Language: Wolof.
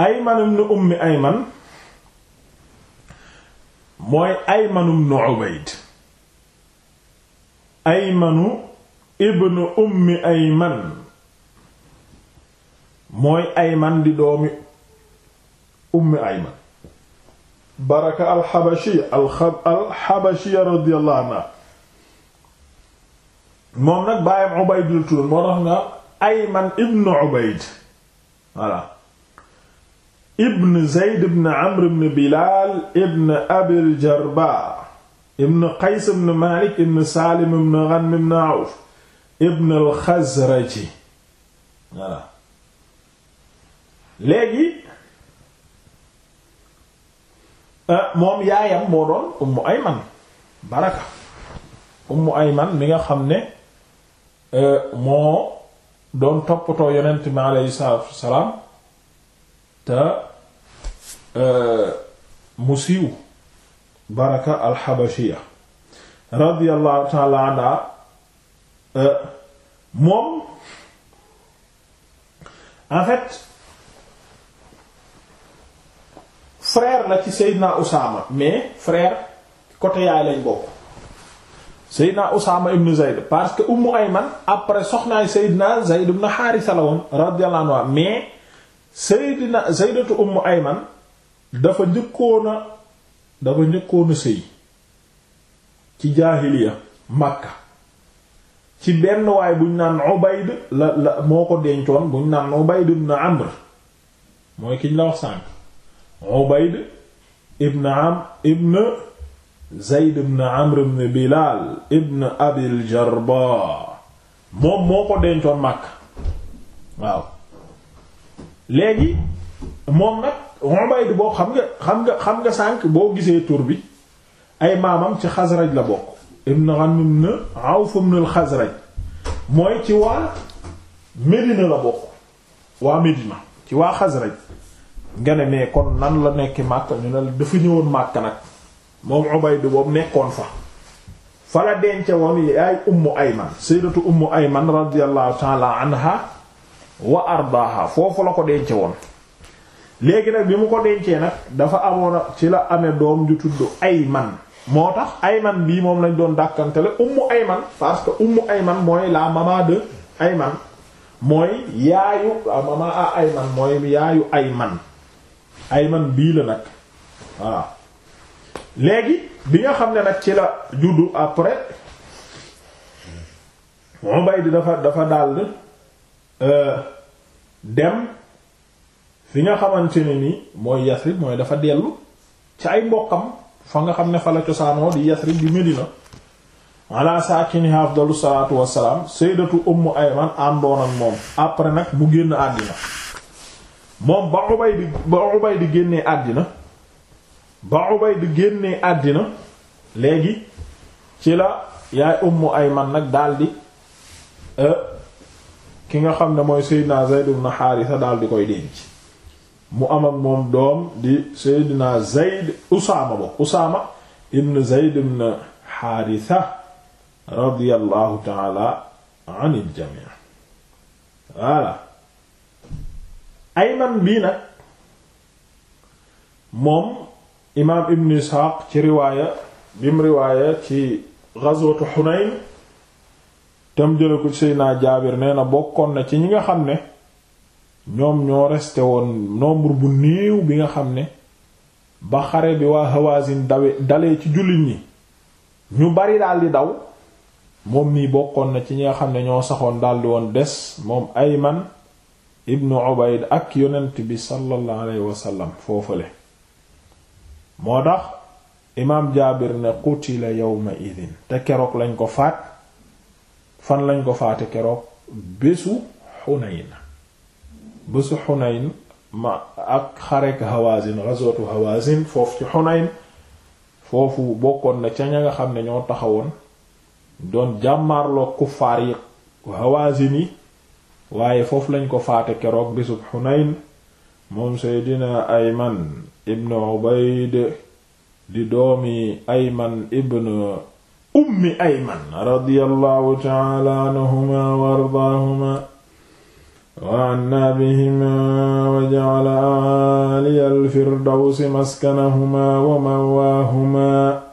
Ayman ibn Ummi Ayman mooy Ayman ibn Ubayd Aymanu ibn Ummi Ayman mooy Ayman di doomi Ummi Ayman Baraka al-Habashiyya al-Habashiyya radiyallahu moom nag baayam Ubayd la moo tax nga Ayman ibn Ubayd voilà ibn Zayd ibn Amr ibn Bilal ibn Abil Jarba ibn Qays ibn Malik ibn Salim ibn Ghanm ibn Awf ibn al léegi ah, moom yaayam moo doon Ummu Ayman baraka Ummu Ayman mi nga xam ne eh, moo doon toppatoo yonent mi aleyhi salaatu wa te mu siiw baraka alxabashiya radiallahu taala anha e, moom en fait frère la ci Seydina Usaama mais frère côté yaay lañ bokk Seydina Usaama ibn Zayd parce que Ummu Ayman après soxnaay Seydina Zayd ibn Haarisa la woon radiyallahu anhu mais Seydina Sayyidatu Ummu Ayman dafa njëkkoona dafa njëkkoona sëy ci jaahiliya Makka ci benn waay buñ naan Ubayd la la moo ko dencoon buñ naan Ubayd ibn Amr mooy kiñ la wax sànk Ubayd ibn Amr ibn Zayd ibn Amr ibn Bilal ibn Abil Jarba moom moo ko dencoon Makka waaw léegi moom nag Ubayd boobu xam nga xam nga xam nga sànq boo gisee tur bi ay maamam ci Xasraj la bokk ibn na ibn Awf ibn al-Xasraj mooy ci waa Médina la bokk waa Médina ci waa Xasraj nga ne mais kon nan la nekki Makka ñu ne dafa ñëwoon Makka nag moom Ubayd boobu nekkoon fa fa la dence woon yaay Ummu Ayman sayyidatu Ummu Ayman radiyallahu ta'ala anha wa ardaaha foofu la ko dence woon léegi nag bi mu ko dencee nag dafa amoon ci la ame doom ju tudd man moo tax ay man bii moom lañ doon dàkkantele ummu Ayman parce que ummu Ayman mooy la maman de Ayman mooy yaayu la maman à Ayman mooy yaayu Ayman Ayman bii la nag voilà léegi bi nga xam ne nag ci la juddu après Ubayd dafa dafa daal Euh, dem fi nga xamante ne ni mooy Yasrib mooy dafa dellu ci ay mbokkam fa nga xam ne fa la cosaanoo di Yasrib di Medina ala saakini afdalu salaatu wassalaam sayyidatu Ummu Ayman àndoon ak moom après nag mu génn àddina moom ba Ubayd ba Ubayd di génnee àddina ba Ubayd di génnee àddina léegi ci la yaay Ummu Ayman nag daldi euh ki nga xam ne mooy Seydina Zayd ibn Haarisa daal di koy denc mu am moom doom di Seydina Zayd Usaama bo Usaama ibn Zayd ibn Haarisa radiyallahu taala anil jamii voilà Ayman bii nag moom imaam Ibn Isxaaq ci riwaaya bim riwaaya ci gazwatu Xunayn tam jële ko Seydina Jaabir nee na bokkoon na ci ñi nga xam ne ñoom ñoo resté woon nombre bu néew bi nga xam ne ba xare bi waa Hawazin dawe dalee ci jullit ñi ñu bari daldi daw moom mii bokkoon na ci ñi nga xam ne ñoo saxoon daldi woon des moom man ibnu Ubayd ak yonent bi sallallahu alayhi wasallam foofale moo tax imaam Jaabir ne qutila yawma idin te keroog lañ ko faat fan lañ ko faate keroog bésu Xunayn bésu Xunayn ma ak xarek Hawazin ghazwatu Hawazin foofu ci Xunayn foofu bokkoon na ca ña nga xam ne ñoo taxawoon doon jàmmaarloo kuffaar yi Hawazin yi waaye foofu lañ ko faate keroog bésub Xunayn moom Seydina Ayman ibn Ubayd di doomi Ayman ibn ummi ayman radiyallahu ta'ala anhuma wa ardaahuma wa anna bihima wa ja'ala aliyal firdawsi maskanahuma wa mawaahuma